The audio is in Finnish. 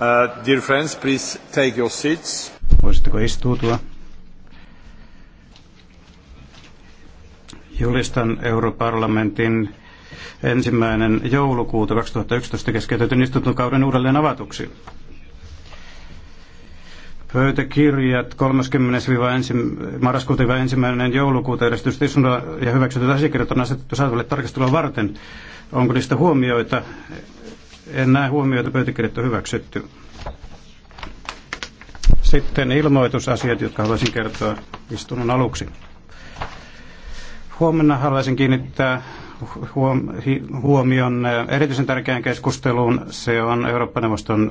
Uh, dear friends, please take your seats. Voisitteko istuutua? Julistan europarlamentin ensimmäinen joulukuuta 2011 keskeytetyn istuntokauden uudelleen avatuksi. Pöytäkirjat 30-1. marraskuuta 1. joulukuuta järjestetystä ja hyväksytyt asiakirjat on asetettu saatavalle tarkastelua varten. Onko niistä huomioita? En näe huomioita, pöytäkirjat on hyväksytty. Sitten ilmoitusasiat, jotka haluaisin kertoa istunnon aluksi. Huomenna haluaisin kiinnittää huomion äh, erityisen tärkeään keskusteluun. Se on Eurooppa-neuvoston